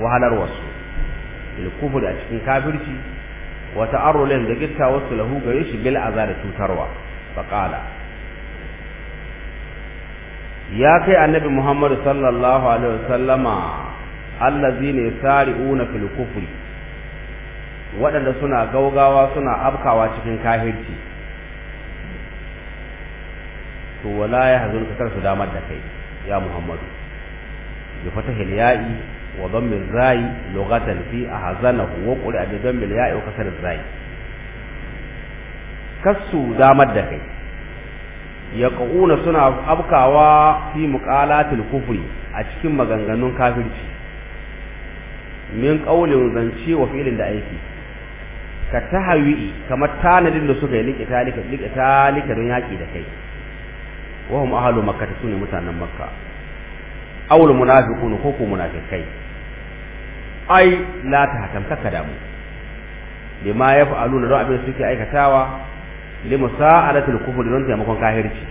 wahalar wasu bil a cikin kafirci wata ta'arrulin da gitta wasu lahu gare shi bil da cutarwa faqala ya kai annabi Muhammadu sallallahu alaihi wasallama ne yasari'una fil kufri waɗanda suna gaugawa suna afkawa cikin kahirci to wala ya hazun ka su damar da kai ya Muhammadu ya fatahil ya'i وضم الزاي لغة في أحزنه وقرأ بضم الياء وكسر الزاي كسو دامت دكي kufuri a cikin maganganun مقالات الكفر أشكم مغنغنون كافر من قول زنشي وفعل دعيكي ka tahawi'i kamar tanadin da suka yi liƙe talika don yaƙi da kai wahum ahalu makka sune mutanen makka awul munafiqun ko ko munafikai ai la ta hatam kaka damu lima ya fa'alu don abin suke aikatawa li musa'alatil kufri don taimakon kahirci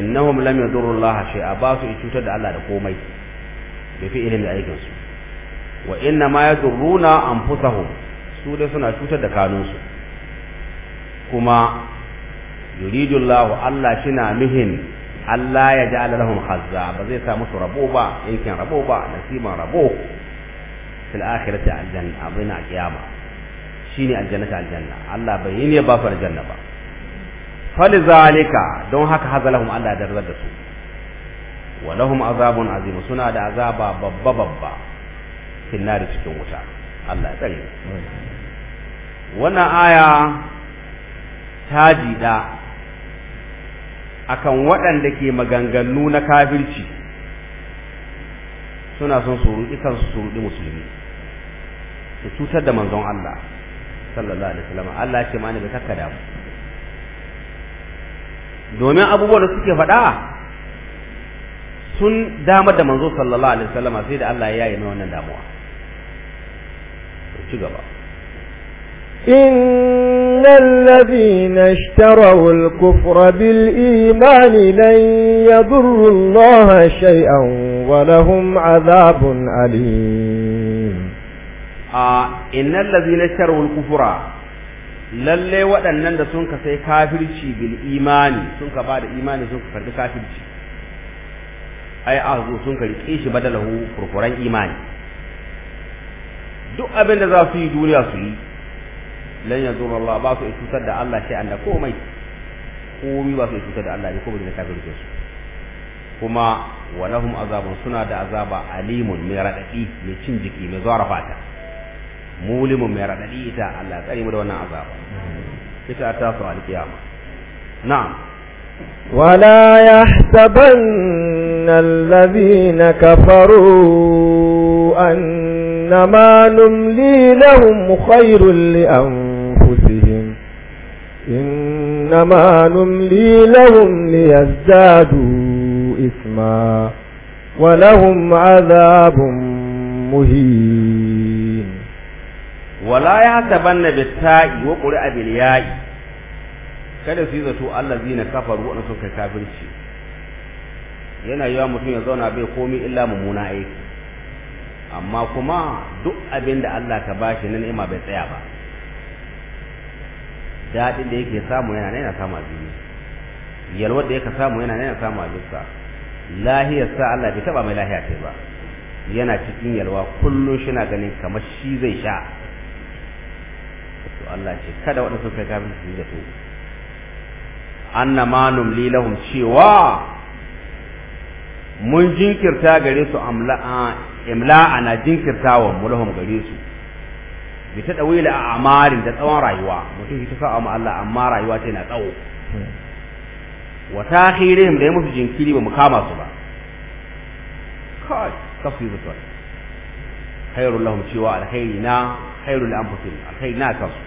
innahum lam yadurru Allah shay'a ba su cutar da Allah da komai bi fi'ilin da aikin su wa inna ma yadurruna anfusahum su dai suna cutar da kanunsu kuma yuridu Allah Allah shina mihin Allah ya ja'ala lahum hazza ba zai sa musu rabo ba yankin rabo ba nasiban rabo fil akhirati aljanna abin a kiyama shine aljannata aljanna Allah bai yi ne ba far janna ba falizalika don haka hazalahum Allah da da su wa lahum azabun azim suna da azaba babba babba fil nari cikin wuta Allah ya tsare wannan aya tajida akan waɗanda ke maganganu na kafirci suna son su ruɗi kansu su ruɗi musulmi su cutar da manzon Allah sallallahu alaihi wasallam Allah ya ce ma ni ga takkada mu domin abubuwan da suke faɗa sun damar da manzo sallallahu alaihi wasallam sai da Allah ya yi mai wannan damuwa ci gaba إن الذين اشتروا الكفر بالإيمان لن يضروا الله شيئا ولهم عذاب أليم a innal ladhina sharu kufra lalle waɗannan da sun ka sai kafirci bil imani sun ka bada imani sun ka karbi kafirci ai zo sun ka rike shi badalahu furfuran imani duk abin da za su yi duniya su yi lan yanzu Allah ba su cutar da Allah sai an da komai komai ba su cutar da Allah ne komai da kafirci su kuma walahum azabun suna da azaba alimun mai raɗaɗi mai cin jiki mai zuwa fata مولم mai raɗaɗi ita Allah tsare mu da wannan azaba ita ta ولا يحسبن الذين كفروا أنما نملي لهم خير لأنفسهم إنما نملي لهم ليزدادوا إثما ولهم عذاب مهين wala ya tabanna bitta'i wa qur'a bil ya'i kada su yi zato allazina kafaru wa sun kai kafirci yana yiwa mutum ya zauna bai komi illa mummuna aiki amma kuma duk abin da Allah ka bashi na ni'ima bai tsaya ba daɗin da yake samu yana nan yana samu a duniya yalwar da yake samu yana nan yana samu a dukka lahiyar sa Allah bai taba mai lahiya kai ba yana cikin yalwa kullum shi na ganin kamar shi zai sha to Allah ce kada wanda suka kafin su yi zato annama numli lahum cewa mun jinkirta gare su amla imla ana jinkirtawa mu lahum gare su bi ta dawila a amarin da tsawon rayuwa mutum shi ta sa amma Allah amma rayuwa ta na tsawo wa takhirihim da ya musu jinkiri ba mu kama su ba kai tafsir khairul lahum cewa alkhairi na khairul anfusihim alkhairi na kansu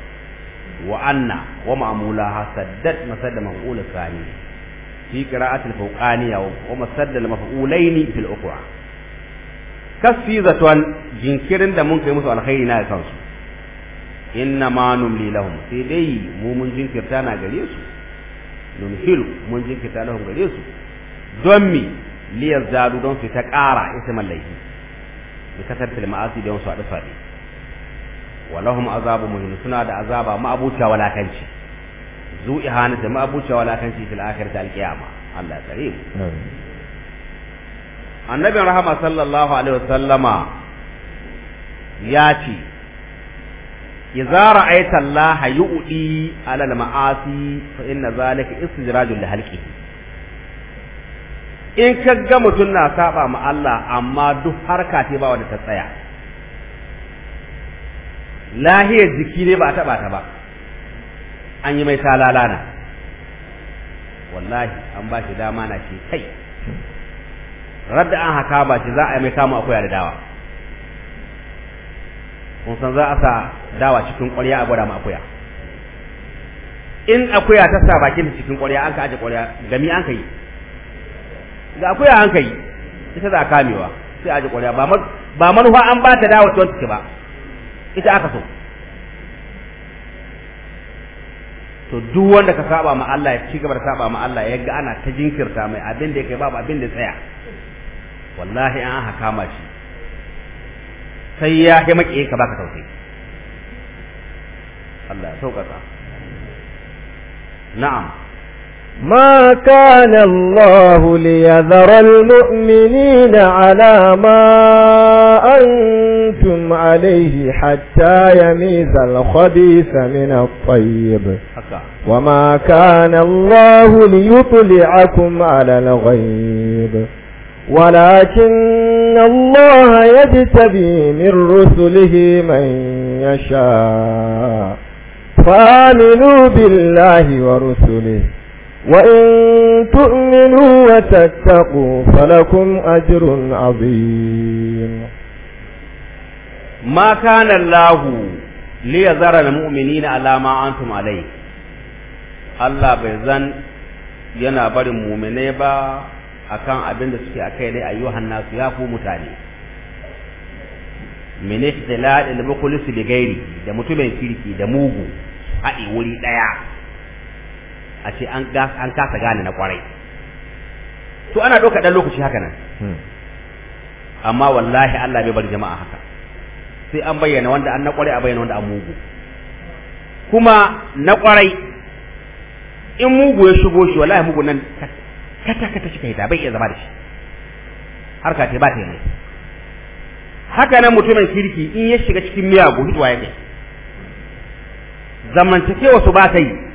wa anna wa ma'mulaha saddat masadda maf'ul thani fi qira'ati al wa masadda al-maf'ulain fil ukhra kasfi jinkirin da mun kai musu alkhairi na kansu inna ma numli lahum sai dai mu mun jinkirta na gare su numhilu mun jinkirta gare su don mi don ta ƙara ismin laifi bi kasartil ma'asi don su hadu walahum azabu muhin suna da azaba ma'abuta walakanci zu ihanata ma'abuta walakanci fil akhirati alqiyama Allah ya tsare mu annabin rahama sallallahu alaihi wasallama ya ce idza ra'aita Allah yu'ti ala al-ma'asi fa inna zalika istijrajun li halqihi in ka ga mutum na saba ma Allah amma duk harka ce ba wanda ta tsaya lahiyar jiki ne ba a taba ta ba an yi mai talalana wallahi an ba shi dama na ce kai radda an haka ba shi za a yi mai kama akuya da dawa kun san za a sa dawa cikin ƙwarya a gwada ma akuya in akuya ta sa bakin cikin ƙwarya an ka aje ƙwarya gami an ka yi da akuya an ita za a kamewa sai a ji ƙwarya ba manufa an ba ta dawo ta ciki ba ita aka so to duk wanda ka saba ma Allah ya ci gaba da saba ma Allah ya ga ana ta jinkirta mai abin da yake babu abin da tsaya wallahi an aka kama shi sai ya kai maki ka baka tausayi Allah ya sauƙaƙa na'am ما كان الله ليذر المؤمنين على ما أنتم عليه حتى يميز الخبيث من الطيب وما كان الله ليطلعكم على الغيب ولكن الله يجتبي من رسله من يشاء فآمنوا بالله ورسله وإن تؤمنوا وتتقوا فلكم أجر عظيم ما كان الله ليذر المؤمنين على ما أنتم عليه الله بيزن yana barin mumine ba akan abin da suke akai ne ayyuhan nasu ya ku mutane min ihtilal al-mukhlis bi ghairi da mutumin kirki da mugu haɗe wuri daya a ce an an kasa gane na kwarai to ana ɗauka ɗan lokaci haka nan hmm. amma wallahi Allah bai bar jama'a haka sai an bayyana wanda an na kwarai a bayyana wanda an mugu kuma na kwarai in mugu ya shigo shi wallahi mugu nan kata kata shi kai bai iya zama da shi harka ce ba ta yi haka nan mutumin kirki in ya shiga cikin miyagun hidwa ya kai zamantakewa su ba ta yi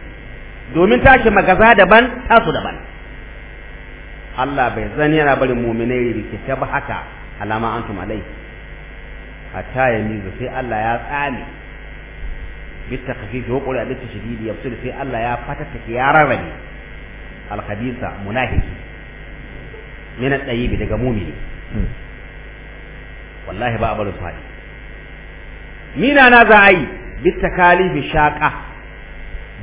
domin tashi magaza daban tasu daban Allah bai zan yana barin mu'minai rikice ba haka alama antum alai hatta yamizu sai Allah ya tsame bi takhfifi wa qul abit shadidi yafsul sai Allah ya fatata ya ne. al khabisa munafiki min al tayyib daga mu'mini hmm. wallahi ba abalu fadi mina na za a yi bi takalifi shaqa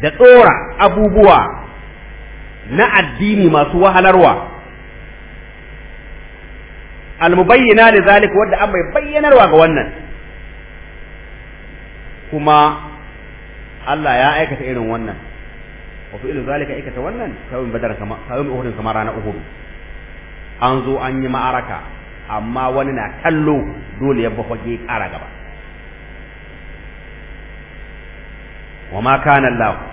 da tsora abubuwa na addini masu wahalarwa almubayyana li zalika wadda an bai bayyanarwa ga wannan kuma Allah ya aikata irin wannan wa fi ilu zalika aikata wannan kawai badar kama kawai uhudin kamar ranar uhud an zo an yi ma'araka amma wani na kallo dole ya bafage kara gaba wa ma kana Allah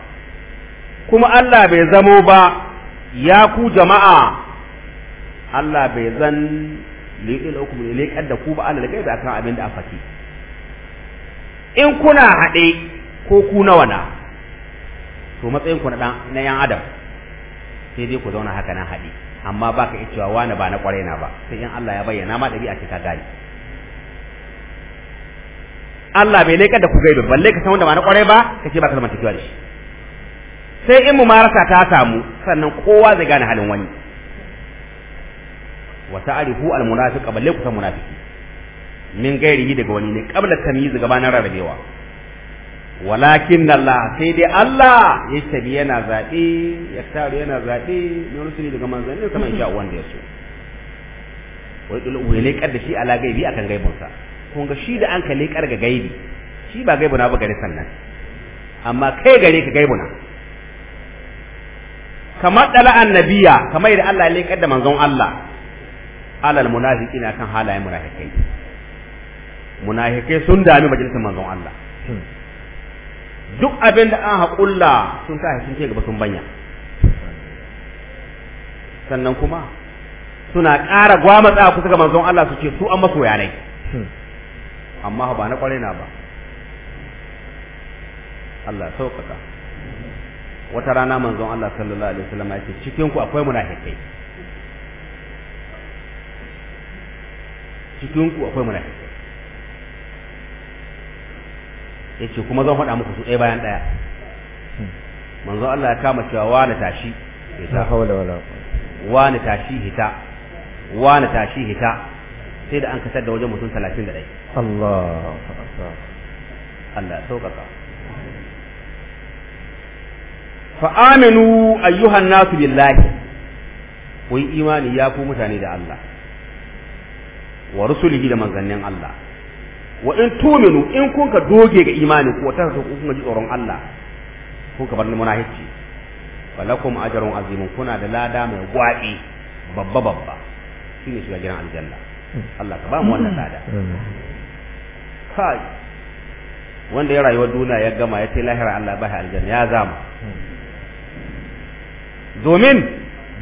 kuma Allah bai zamo ba ya ku jama'a Allah bai zan liƙi lakum leƙar da ku ba Allah da kai akan abin da aka in kuna haɗe ko ku nawa na to matsayin ku na dan na yan adam sai dai ku zauna haka nan haɗe amma baka iya cewa wani ba na ƙwarai na ba sai in Allah ya bayyana ma ɗari ce ka gari. Allah bai leƙar da ku gaibe balle ka san wanda ba na ƙwarai ba kace ba ka zama tafiya da shi sai in mumarasa ta samu sannan kowa zai gane halin wani wa ta'rifu al munafiq balle ku san munafiki min gairihi daga wani ne qabla tamyiz gabanin rarabewa walakin Allah sai dai Allah ya tabi yana zaɓe ya tsaro yana zaɓe na rusuli daga manzanni sama insha wanda ya wai dole wai ne da shi ala gaibi akan sa kun ga shi da an ka lekar ga gaibi shi ba gaibuna ba gare sannan amma kai gare ka gaibuna kamar dala annabiya kamar da Allah ya lekar da manzon Allah alal munafiqina kan halayen munafikai munafikai sun dami majalisar manzon Allah hmm. duk abin da an haƙulla sun tashi sun ce gaba sun banya sannan kuma suna ƙara gwamatsa kusa ga manzon Allah su ce su an maso yanai hmm. amma ba na ƙwarai na ba Allah sauƙaƙa wata rana manzon Allah sallallahu alaihi wasallam ya ce cikin ku akwai munafikai cikin ku akwai munafikai yace kuma zan faɗa muku su ɗaya bayan ɗaya manzon Allah ya kama cewa wani tashi hita hawla wala wani tashi hita wani tashi hita sai da an kasar da wajen mutum 31 Allah Allah sauƙaƙa fa'aminu ayyuhan nasu billahi ku yi imani ya ku mutane da Allah wa rusulihi da manzannin Allah wa in tuminu in kun ka doge ga imani ku ta ku kun ji tsoron Allah bar ka bar wa falakum ajrun azimun kuna da lada mai gwabi babba babba shine shiga gidan aljanna Allah ka ba mu wannan lada kai wanda ya rayuwa duniya ya gama ya ce lahira Allah ba aljanna ya zama domin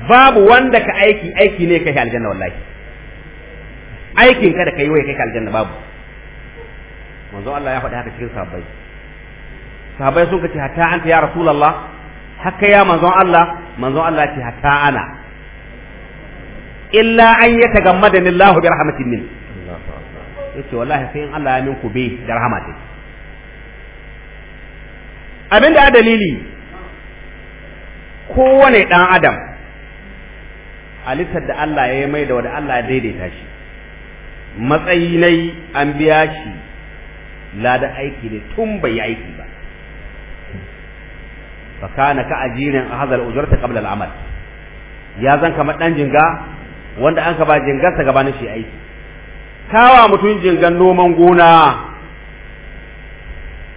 babu wanda ka aiki aiki ne kai aljanna wallahi aikin ka da kai wai kai aljanna babu manzo Allah ya faɗi haka cikin sahabbai sahabbai sun kace hatta anta ya rasulullah haka ya manzon Allah manzon Allah ce hatta ana illa an yatagammadani Allah bi rahmatin min yace wallahi sai in Allah ya ku bi da rahmatin abinda a dalili kowane ɗan adam halittar da Allah ya yi mai da wanda Allah ya daidaita shi matsayi na yi an biya shi lada aiki ne tun bai yi aiki ba fa kana ka ajirin a hazal ujurta Kabla al-amal ya zan kamar ɗan jinga wanda an ka ba jingarsa gabanin shi aiki kawa mutum jingan noman gona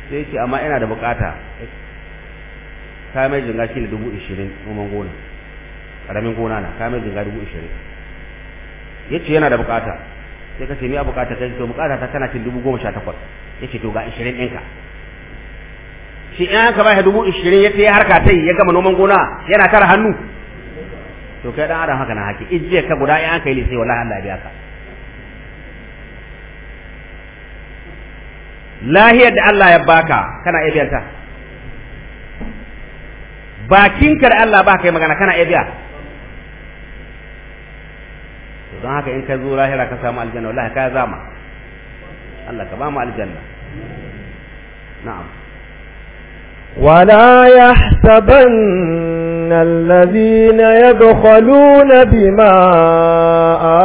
sai ce amma ina da bukata ka mai jinga shi ne dubu ishirin noman gona ƙaramin gona na ka mai jinga dubu ishirin ya ce yana da bukata sai ka ce mi a bukata ta to bukata ta tana cin dubu goma sha takwas ya ce to ga ishirin ɗinka shi in aka ba shi dubu ishirin ya ta yi harka ta yi ya gama noman gona yana tara hannu to kai dan adam haka na haki ijiyar ka guda in aka yi sai wallahi Allah ya biya ka lahiyar da Allah ya baka kana iya biyan ta bakin kar Allah ba kai magana kana iya don haka in ka zo lahira ka samu aljanna wallahi ka zama Allah ka ba mu aljanna na'am ولا يحسبن الذين يبخلون بما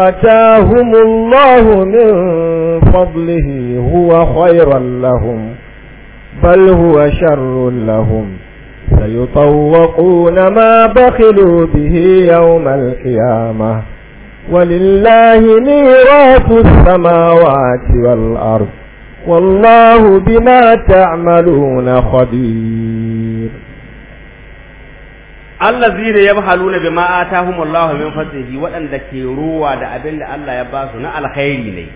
آتاهم الله من فضله هو خيرا لهم بل هو شر لهم سيطوقون ما بخلوا به يوم القيامة ولله ميراث السماوات والأرض والله بما تعملون خبير allazina yabhaluna bima atahum Allah min fadlihi waɗanda ke ruwa da abin Allah ya basu na alkhairi ne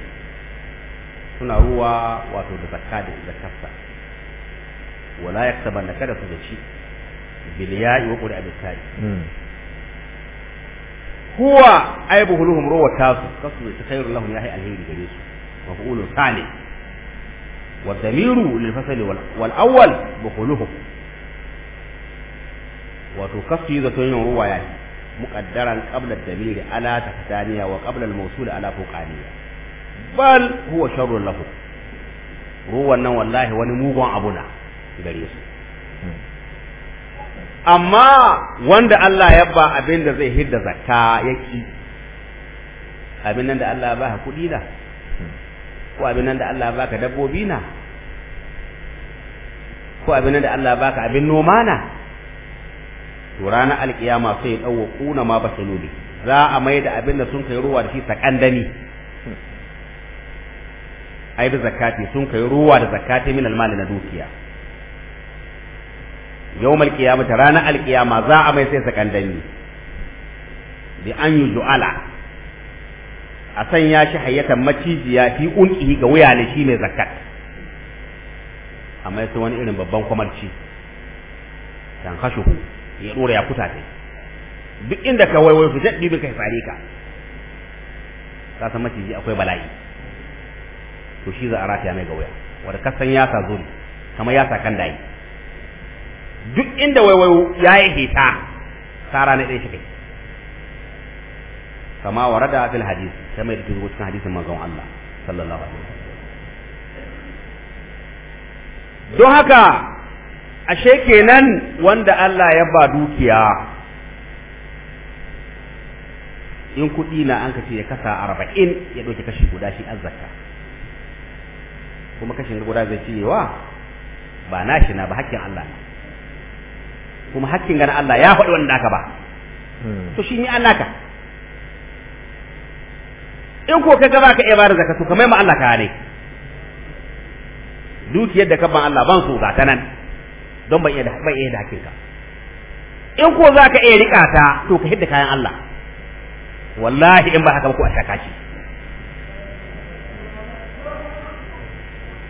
suna ruwa wato da da wala yaktabanna kada su zaci bil ya'i wa qul abitari huwa aibuhuluhum ruwa tasu kasu ta khairu lahum yahi alheri gare su wa qulu salih wa damiru lil fasali wal awwal bukhuluhum wato kasu yi zato yin ruwa yahi muqaddaran qabla damiri ala takdaniya wa qabla al mawsul ala fuqaniya bal huwa sharrun lahum ruwan nan wallahi wani mugun abu na gare su amma wanda Allah ya ba abin da zai hidda zakka yake abin nan da Allah ba kuɗi na ko abin nan da Allah ba ka dabbobi na ko abin nan da Allah ba ka abin noma na to ranar alkiyama sai ya ɗauwa kuna ma ba saloli za a mai da abin da sun kai ruwa da shi sakandani ai da zakati sun kai ruwa da zakati min almali na dukiya yawmal qiyamati ranar alqiyama za a mai sai sakandami bi an yuj'ala a san ya shi maciji ya fi unqihi ga wuya ne shi mai zakat amma sai wani irin babban kwamarci dan kashu ya dora ya kuta ta duk inda ka waiwai su jaddi bi kai fare ka ka san maciji akwai bala'i to shi za a rataya mai ga wuya wanda kasan ya sa zuri kamar ya sa kan dai duk inda waiwayo ya yi hita tsara na ɗaya shi kai kama wa rada fil hadis kama yadda tuzo cikin hadisin manzon Allah sallallahu alaihi wasallam don haka ashe kenan wanda Allah ya ba dukiya in kuɗi na an kace ya kasa arba'in ya ɗauki kashi guda shi azzaka kuma kashin guda zai ce wa ba nashi na ba hakkin Allah ne kuma hakkin gana Allah ya faɗi wanda aka ba hmm. to shi ni Allah ka in ko kaga baka iya zaka zakatu kamar ma Allah ka ne dukiyar da ka ban Allah ban so ga ta nan don ban iya da ban iya da hakkin ka in ko zaka iya rika ta to ka hidda kayan Allah wallahi in ba haka ba ko a shaka ki?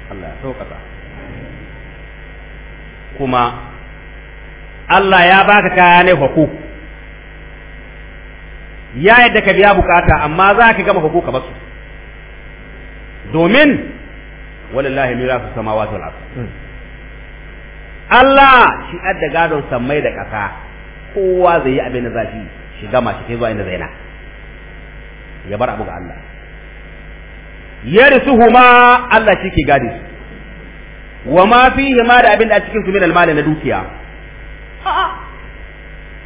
Allah ya sauƙa kuma Allah ya baka kaya ne hako ya yadda ka biya bukata amma za ka gama hako ka basu domin walillahi su sama wal ardh hmm. Allah shi adda gadon sammai da ƙasa kowa zai yi abin da zafi shi gama shi kai zuwa inda zaina ya bar abu ga Allah Ya ma Allah shi ke gadi su wa ma fi ma da abin da a cikin su min almali na dukiya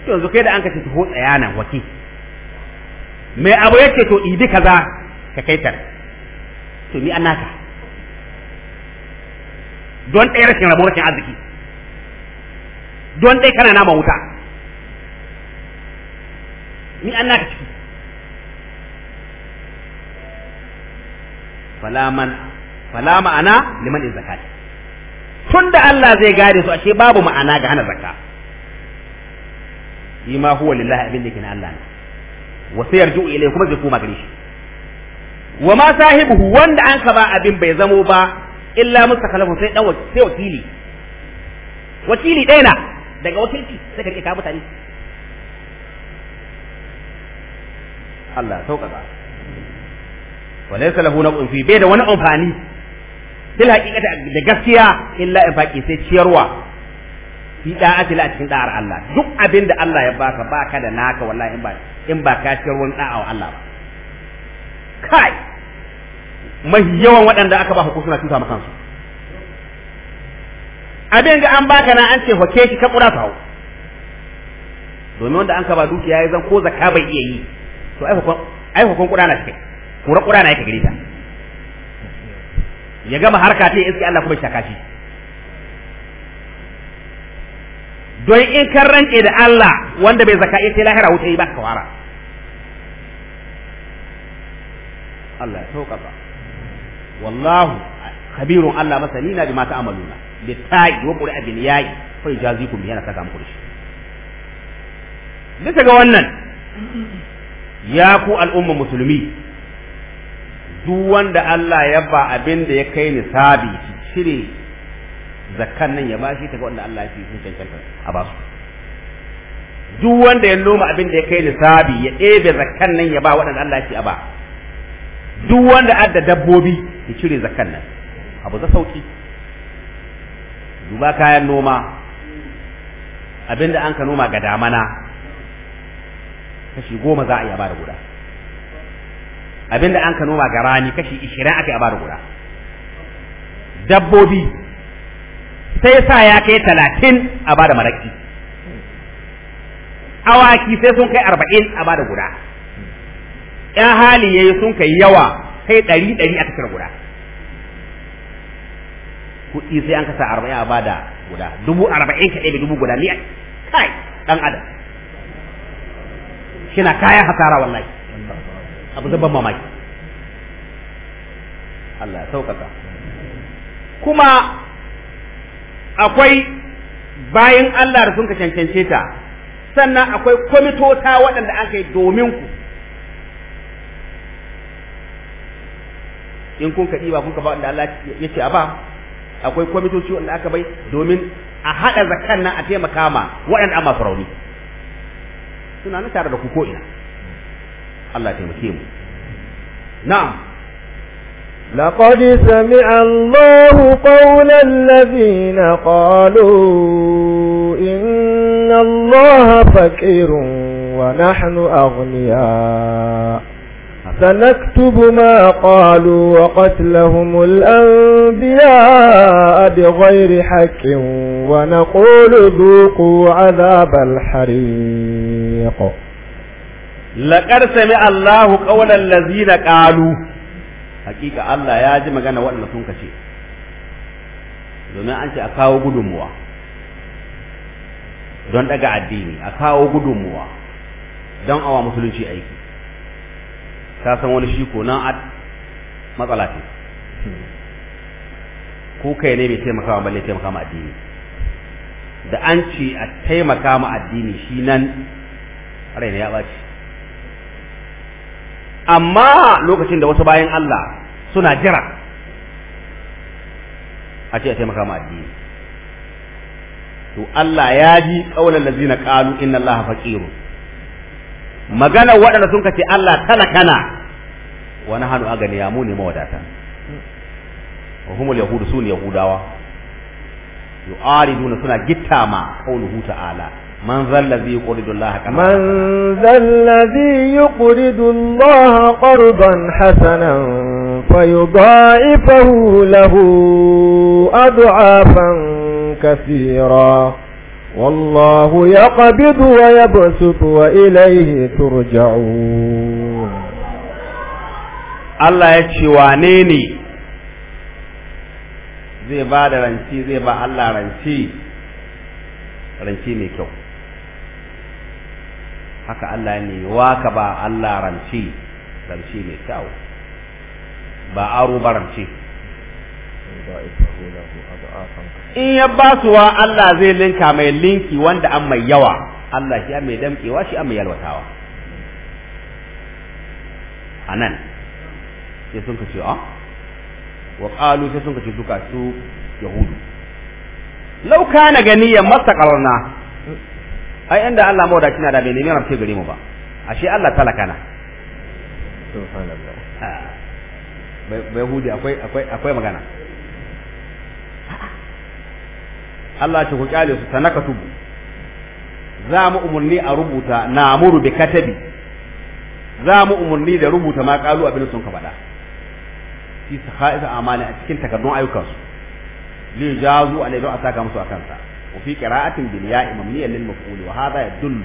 yanzu kai da an kace taho tsaya nan waki mai abu yake to idi kaza ka kai tar to ni an naka don ɗaya rashin rabo rashin arziki don ɗaya kana nama wuta ni an naka ciki falaman fala ma'ana liman in zakati tunda Allah zai gare su ashe babu ma'ana ga hana zakka shi ma huwa lillahi abin da yake na Allah ne wa sai ilai kuma zai koma gare shi wa ma sahibuhu wanda an ka ba abin bai zamo ba illa mustakalafun sai dan sai wakili wakili ɗaya na daga wakilci sai ka rike ka mutane Allah sauƙaƙa wa laysa lahu nabun fi bai da wani amfani bil haqiqati da gaskiya illa infaqi sai ciyarwa fi da'ati la cikin da'ar Allah duk abin da Allah ya baka baka da naka wallahi in ba in ba ka shi wani da'a wa Allah ba kai mai yawan waɗanda aka ba hukunci suna cuta maka su abin da an baka na an ce hoke shi ka kura hau domin wanda an ka ba dukiya ya zan ko zakka bai iya yi to ai hukun ai hukun kura na cikin kura kura na yake gari ta ya gama harka ta iske Allah kuma shaka shi don in kan rantse da Allah wanda bai zaka sai lahira wuce yi ka wara Allah ya sauka ba wallahu khabirun Allah masalina bima ta'maluna bitai wa qur'a bil yayi fa yajazikum bi yana saka muku shi bisa ga wannan ya ku al'umma musulmi duk wanda Allah ya ba abin da ya kai nisabi shire zakkan nan ya bashi ta ga wanda Allah ya fi sun cancanta a ba su duk wanda ya noma abin da ya kai lissabi ya ɗebe zakkan nan ya ba waɗanda Allah ya fi a ba duk wanda adda dabbobi ya cire zakkan nan abu za sauki duba kayan noma abin da an ka noma ga damana kashi goma za a yi a bada guda abin da an ka noma ga rani kashi ishirin aka yi a bada guda dabbobi sai sa ya kai talatin a bada maraki awaki sai sun kai arba'in a bada guda ya hali ya yi sun kai yawa kai ɗari ɗari a kasar guda kuɗi sai an kasa arba'in a bada guda dubu arba'in ka ɗaya dubu guda ni kai ɗan adam shi na kayan hasara wallahi abu zaba mamaki Allah ya sauƙaƙa kuma akwai bayan Allah da sun ka cancance ta sannan akwai kwamitota waɗanda aka yi domin ku in kun ka ɗiba kun ka ba wanda Allah ya ce a ba akwai kwamitoci wanda aka bai domin a haɗa zakan nan a taimaka ma waɗanda amma farauni suna na tare da ku ko ina Allah taimake mu na'am لقد سمع الله قول الذين قالوا إن الله فكير ونحن أغنياء سنكتب ما قالوا وقتلهم الأنبياء بغير حق ونقول ذوقوا عذاب الحريق لقد سمع الله قول الذين قالوا hakika Allah ya ji magana waɗanda sun kace domin an ce a kawo gudunmuwa don daga addini a kawo gudunmuwa don awa musulunci aiki ta san wani shi ko nan matsala ce ko kai ne bai taimaka balle taimaka ma addini da an ce a taimaka ma addini shi nan raina ya ɓaci amma lokacin da wasu bayan Allah suna jira a ce a taimaka ma addini to Allah ya ji kaulan lazina qalu inna Allah faƙiru magana waɗanda sun kace Allah talakana wa nahnu aganiya mu ne mawadata wa humul yahudu sun yahudawa yu'ariduna suna gittama qauluhu ta'ala من ذا الذي يقرض الله قرضا من ذا الذي يقرض الله قرضا حسنا فيضاعفه له أضعافا كثيرا والله يقبض ويبسط وإليه ترجعون الله يتشوانيني زي بعد رنشي زي بعد الله رنشي رنشي ميكو haka Allah ne wa ka ba Allah ranci ranci mai kyau ba aro ba rance in ya ba suwa Allah zai linka mai linki wanda an mai yawa Allah shi mai damkewa shi an mai yalwatawa anan sai sun ka ce a ah, wa ƙalu sai sun ka ce duka su yahudu lau kana ganiyan mastaqarna ai inda Allah mawada na da bai nemi rance gare mu ba ashe Allah talaka na subhanallah bai hudi akwai akwai akwai magana Allah ce ku kyale su sanakatubu za mu umurni a rubuta na amuru bi katabi za mu umurni da rubuta ma kalu abin sun ka faɗa fi sakha'is amana a cikin takardun ayyukansu li jazu alayhi wa saka musu akan sa وفي قراءة بالياء مبنية للمفعول وهذا يدل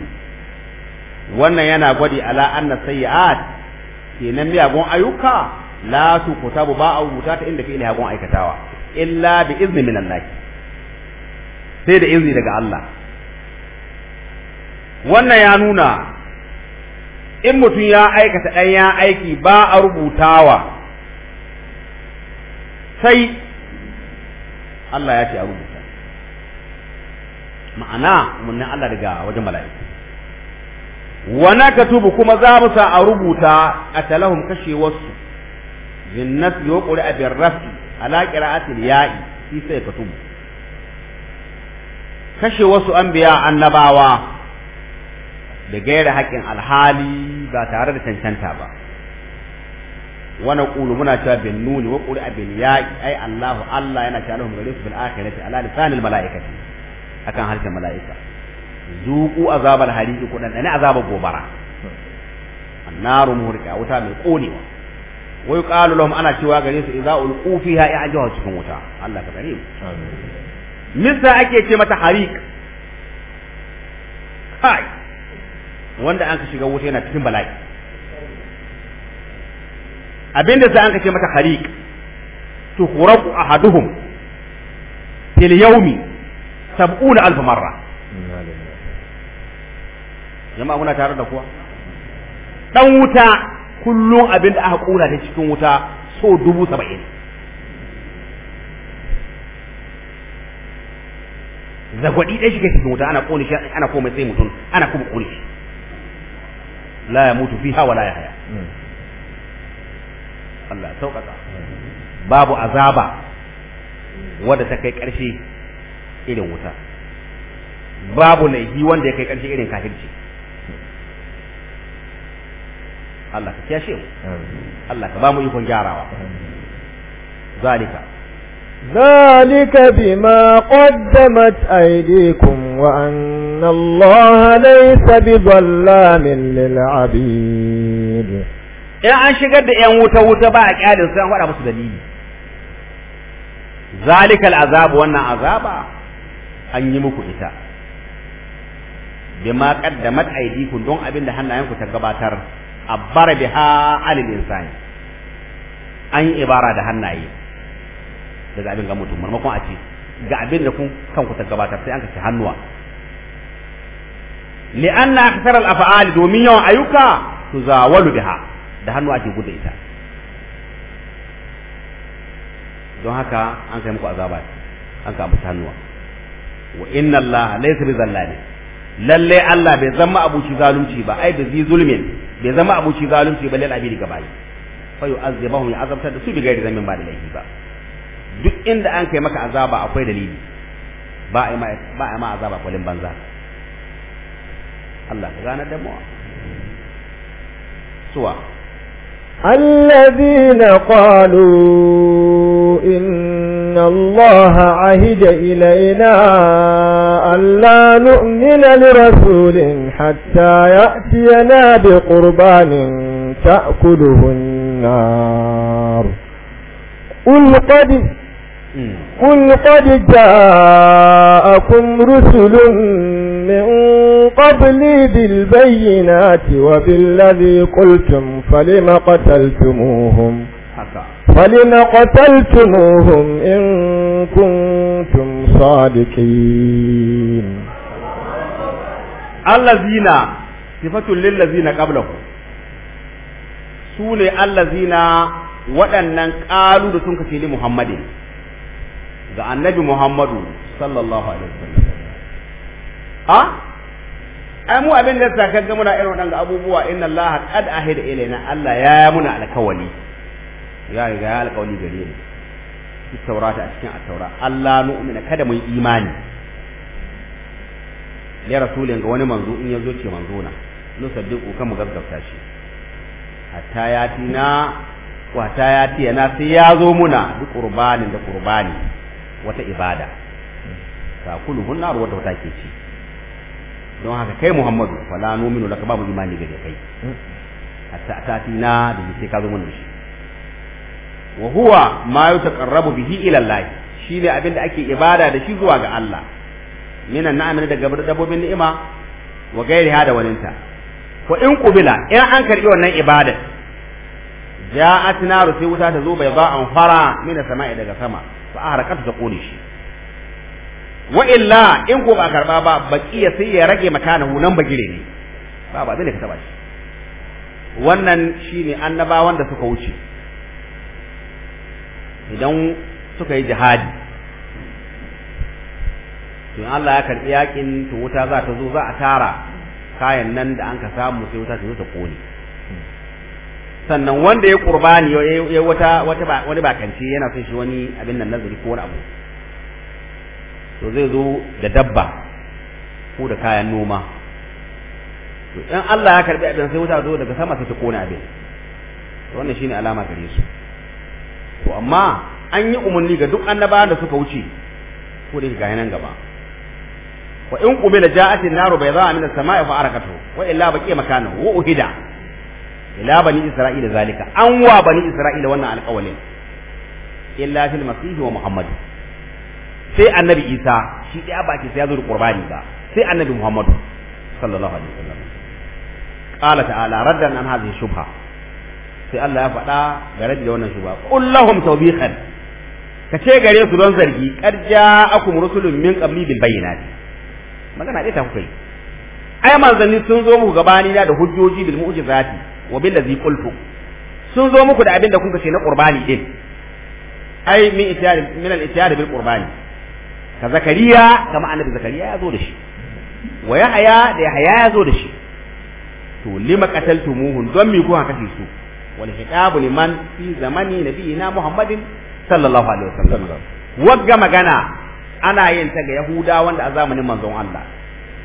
wannan yana gwadi a anna sayyi'at kenan miyagun ayyuka la su kutabu ba a rubuta ta inda wannan ya nuna in mutum ya aikata ɗanyen aiki ba a rubutawa sai Allah ya ce a rubuta ma'ana munna Allah daga wajen mala'iku wa nakatubu kuma za mu sa a rubuta atalahum kashewarsu bin nas yuqri abir rafi ala qira'ati ya'i shi sai katubu kashe wasu anbiya annabawa da gaira haƙƙin alhali ba tare da cancanta ba wani ƙulu muna cewa bin nuni wa ƙuri abin ya'i ai Allahu Allah yana cewa lahum gare su bil akhirati ala lisanil mala'ikati akan harshen mala'ika zuku azabal hariki kudan ne azabar gobara annaru muhrika wuta mai konewa wai qalu lahum ana cewa gare su idza ulqu fiha ya'jahu cikin wuta Allah ka kare mu nisa ake ce mata harik kai wanda an ka shiga wuta yana cikin bala'i abinda sai an ka ce mata harik tuhraqu ahaduhum fil yawmi sab'una alf marra jama'a kuna tare da kuwa dan wuta kullum abin da aka kura ta cikin wuta so dubu saba'in zagwadi ɗaya shiga cikin wuta ana ƙone shi ana komai sai mutum ana kuma ƙone. shi la ya mutu fi hawa la ya haya Allah sauƙaƙa babu azaba wadda ta kai ƙarshe irin wuta babu laifi wanda ya kai ƙarshe irin kafirci Allah ka kiyashe mu Allah ka ba mu ikon gyarawa zalika zalika bima qaddamat aydikum wa anna Allah laysa bidhallamin lil abid in an shigar da yan wuta wuta ba a kyalin sai an faɗa musu dalili Zalika azab wannan azaba an yi muku ita bima qaddamat aydikum don abin da hannayenku ta gabatar abbara biha alil insani an yi ibara da hannaye daga abin ga mutum marmakon a ce ga abin da kun kanku ta gabatar sai an ka ci hannuwa li'anna akthar al-af'al domin yawan ayyuka tuzawalu biha da hannu ake gudu ita don haka an kai muku azaba an ka amsa hannuwa wa inna allaha laysa bi zallami lalle Allah bai zama abuci zalunci ba ai bi zulmin bai zama abuci zalunci ba lil abidi gabai fa yu'azzibahum ya'azabta da su bi gairi zamin ba da laifi ba duk inda an kai maka azaba akwai dalili ba a ma ba a ma azaba kullin banza Allah ka gane da mu suwa الذين قالوا إن الله عهد إلينا ألا نؤمن لرسول حتى يأتينا بقربان تأكله النار قل قد قل قد جاءكم رسل من قبلي بالبينات وبالذي قلتم فلم قتلتموهم فلم قتلتموهم إن كنتم صادقين الذين صفة للذين قبلهم سولي الذين waɗannan ƙalu da sun kace li Muhammadin ga annabi Muhammadu sallallahu alaihi wasallam ha ai mu abin da saka ga muna irin waɗanda abubuwa inna Allah qad ahida ilaina Allah ya yi muna alkawali ya riga ya alkawali gare ni Ki taurata a cikin at-taura Allah nu'mina kada mu imani ya rasulin ga wani manzo in yazo ce manzo na nu saddiqu kan mu gaggafta shi hatta tina wa ya yati na sai ya zo muna duk qurbanin da qurbani wata ibada ta kullu hunnar wata ke ci don haka kai Muhammadu fala nu'minu laka babu imani gare kai hatta na da sai ka zo mun shi wa huwa ma yutaqarrabu bihi ilallai shi shine abin da ake ibada da shi zuwa ga Allah minan amina daga dabbobin ni'ima wa gairiha da walinta ko in kubila in an karɓi wannan ibada ja'at naru sai wuta ta zo bai ba an fara mina sama'i daga sama fa ahrakat ta kone shi wa illa in ko ba karba ba ya sai ya rage makanahu nan bagire ne ba ba zai ka taba shi wannan shine annabawan da suka wuce idan suka yi jihadi to Allah ya karbi yakin to wuta za ta zo za a tara kayan nan da an ka samu sai wuta ta zo ta kone sannan wanda ya kurbani ya wata wata wani bakanci yana son shi wani abin nan nazari ko wani abu to zai zo da dabba ko da kayan noma to in Allah ya karbi abin sai wuta zo daga sama sai ta kona abin to wannan shine alama gare su to amma an yi umarni ga duk annabawan da suka wuce ko da ga nan gaba wa in qubila ja'atin naru bayda min as-sama'i fa arakatu wa illa baqiya makana wa uhida ila bani isra'ila zalika an wa bani isra'ila wannan alƙawalin illa fil masih wa muhammad sai annabi isa shi ɗaya ba ke sai ya zo da qurbani ba sai annabi muhammadu sallallahu alaihi wasallam qala ta'ala raddan an hadhihi shubha sai Allah ya faɗa gare da wannan shubha qul lahum tawbihan ka ce gare su don zargi kar ja'akum rusulun min qabli bil bayyinati magana ɗaya ta kuka yi ai manzanni sun zo muku gabani da hujjoji bil mu'jizati wa bil ladzi qultu sun zo muku da abin da kuka ce na qurbani din ai min itiyar min al itiyar bil qurbani ka zakariya kama annabi zakariya ya zo da shi wa yahaya da yahaya ya zo da shi to lima qataltumuhum don mi kuka kashe su wal hitabu liman fi zamani nabiyina muhammadin sallallahu alaihi wasallam wagga magana ana yin ta ga yahuda wanda a zamanin manzon Allah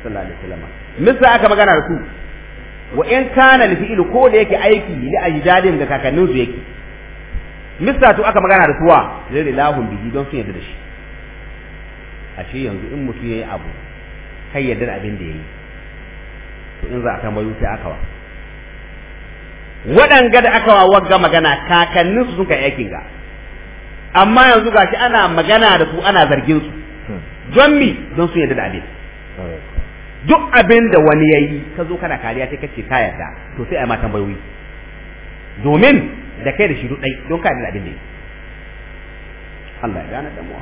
sallallahu alaihi wasallam misa aka magana da su wa in kana li fi'il ko da yake aiki li ajdadin ga kakannin su yake misa to aka magana da su suwa lillahi bihi don sun yarda da shi ashe yanzu in mutu yayi abu kai yadda abin da yayi to in za a tambayo sai aka wa waɗanga da aka wa wagga magana kakannin su suka yakin ga amma yanzu gashi ana magana da su ana zargin su hmm. don mi don su yadda da abin duk abin da wani yayi ka zo kana kariya sai kace ka yarda to sai a ma tambayoyi domin da kai da shi duk dai don ka yadda da abin da yi. Allah ya gane da mu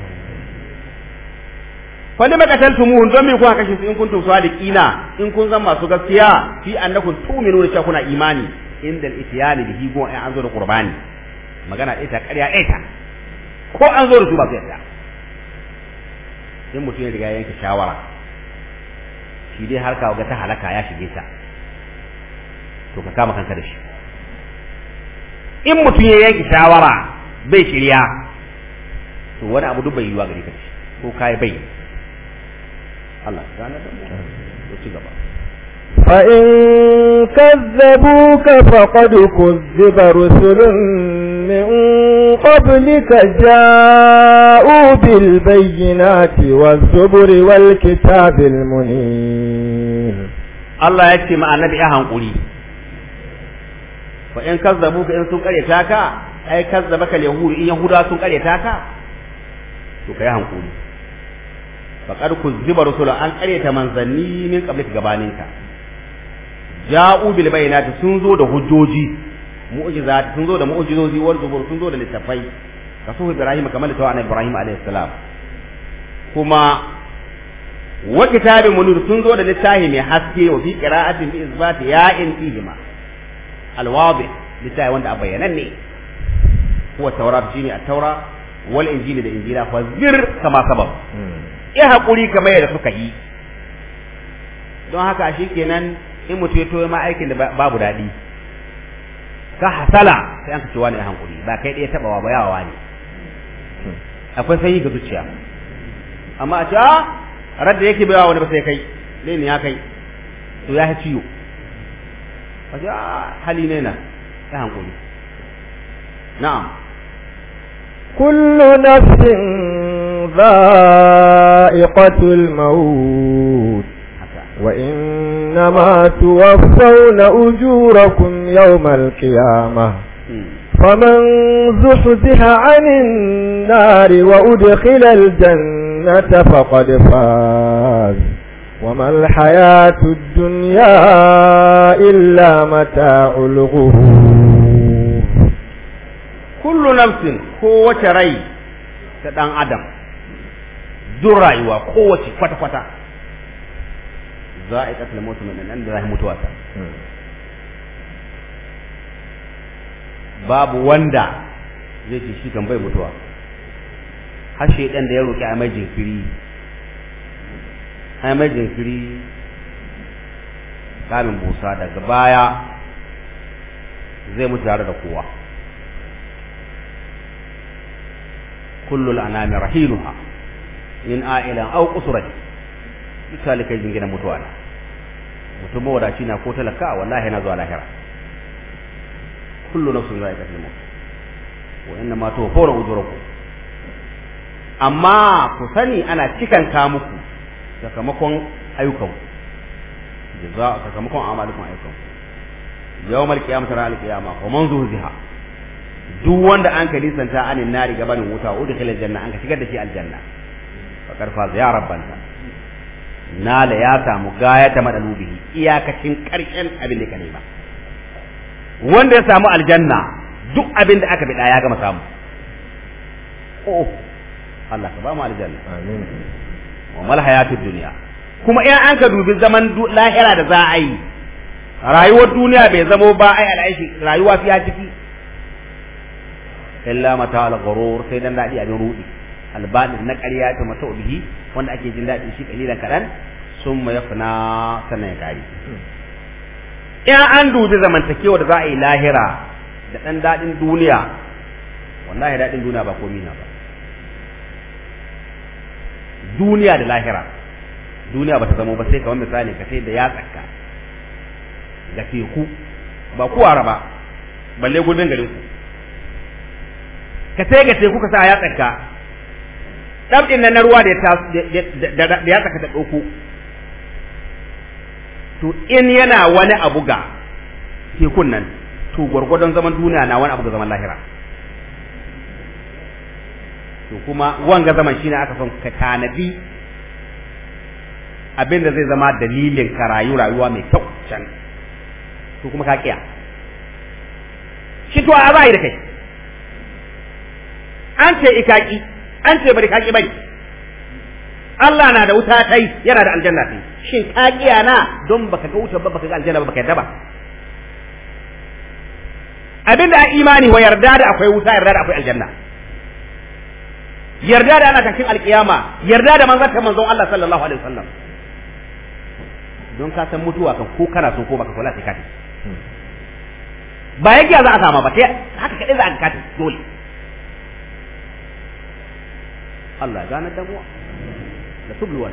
lima maqataltumuhum don me kuka kashe su in kuntum sadiqina in kun zan masu gaskiya fi annakum tu'minuna cewa kuna imani inda al-itiyani bihi go ai an zo da qurbani magana ita ƙarya ita ko an zo da su ba su yadda in mutum ya riga yanke shawara shi dai harka ga ta halaka ya shige ta to ka kama kanka da shi in mutum ya yanke shawara bai shirya to wani abu duk bai yiwa gare ka ko kai bai Allah gane da mu to ci gaba fa in kazzabuka faqad kuzziba rusulun min qablika ja'u bil bayyinati waz zuburi wal kitabil munir Allah ya ce ma annabi ya hankuri fa in kazzabuka in sun karyata ka ai kazzabaka yahudu in yahuda sun karyata ka to kai hankuri faqad kuzziba rusula an qaryata manzanni min qablik gabaninka ja'u bil bayinati sun zo da hujjoji mu'jizat sun zo da mu'jizozi wal zubur sun zo da littafai kasu ibrahim kamar da annabi ibrahim alayhi salam kuma wa kitabin munir sun zo da littafi mai haske wa fi qira'atin bi isbat ya'in fihima alwadi littafi wanda a bayanan ne huwa tawrat shine at-taura wal injili da injila fazir kama sabab hmm. ya haƙuri kamar yadda suka yi don haka shi kenan in mutu ya toye ma aikin da babu daɗi ka hasala sai an kace ne ya hankuri ba kai ɗaya taɓawa ba yawa ne akwai sanyi ga zuciya amma a ce a ah, radda yake bai wani ba sai kai ne ne ya kai to ya ciwo a ce a ah, hali ne na ya hankuri na'am kullu nafsin za ذائقة الموت وإنما توفون أجوركم يوم القيامة فمن زحزح عن النار وأدخل الجنة فقد فاز وما الحياة الدنيا إلا متاع الغرور كل نفس هو شري تدان أدم duk rayuwa kowace kwata-kwata za a yi ƙasar mutu mai nan da za a mutuwa ta babu wanda zai ce shi kan bai mutuwa har ɗan da ya roƙi a mai jinkiri a mai jinkiri kamin busa daga baya zai mutu tare da kowa kullul anami rahiluha min a'ilan aw qusurat misali kai jingina mutuwa na mutum shi na ko talaka wallahi na zuwa lahira kullu nafsin za'iqatul maut wa inna ma tuwaffawna ujurakum amma ku sani ana cikan ka muku sakamakon ayyukan jaza sakamakon amalukum ayyukan yawmal qiyamati ra'al qiyama wa man zuhziha duk wanda an ka anin nari gaban wuta udkhila janna an ka shigar da shi aljanna fakar faza ya rabbanta nala ya samu gayata madalubihi iyakacin karshen abin da ka nema wanda ya samu aljanna duk abin da aka bida ya gama samu oh Allah ka ba mu aljanna amin wa mal hayatud dunya kuma in an ka dubi zaman lahira da za a yi rayuwar duniya bai zamo ba ai al'aishi rayuwa ya ciki illa mata al-ghurur sai dan dadi a rudi albani na ƙarya ta mata ubihi wanda ake jin daɗin shi ƙalilan kaɗan sun ma na sannan ya ƙari Ya an dubi zamantakewa da za a yi lahira da ɗan daɗin duniya ya daɗin duniya ba komi na ba duniya da lahira duniya ba ta zama ba sai kamar misali ka sai da ya tsakka ga teku ba kuwara ba balle gudun garin ku ka sai ga teku ka sa ya tsakka ɗan din na ruwa da ya saka ta ɗauko to in yana wani abu ga tekun nan to gurgurdan zaman duniya na wani abu ga zaman lahira to kuma wanga zaman shine aka son ka tanadi abin da zai zama dalilin ka rayuwa mai kyau can to kuma ka kiya shi to a da kai an ce ikaki an ce bari kaki bari Allah na da wuta tai yana da aljanna tai shin ka kiya na don baka ga wuta ba baka ga aljanna ba baka yadda ba abinda a imani wa yarda da akwai wuta yarda da akwai aljanna yarda da ana tashin alkiyama yarda da manzon manzon Allah sallallahu alaihi wasallam don ka san mutuwa kan ko kana so ko baka kula sai ka hmm. ba yake za a sama ba sai haka kadai za a kati dole الله قال الدموع لتبلون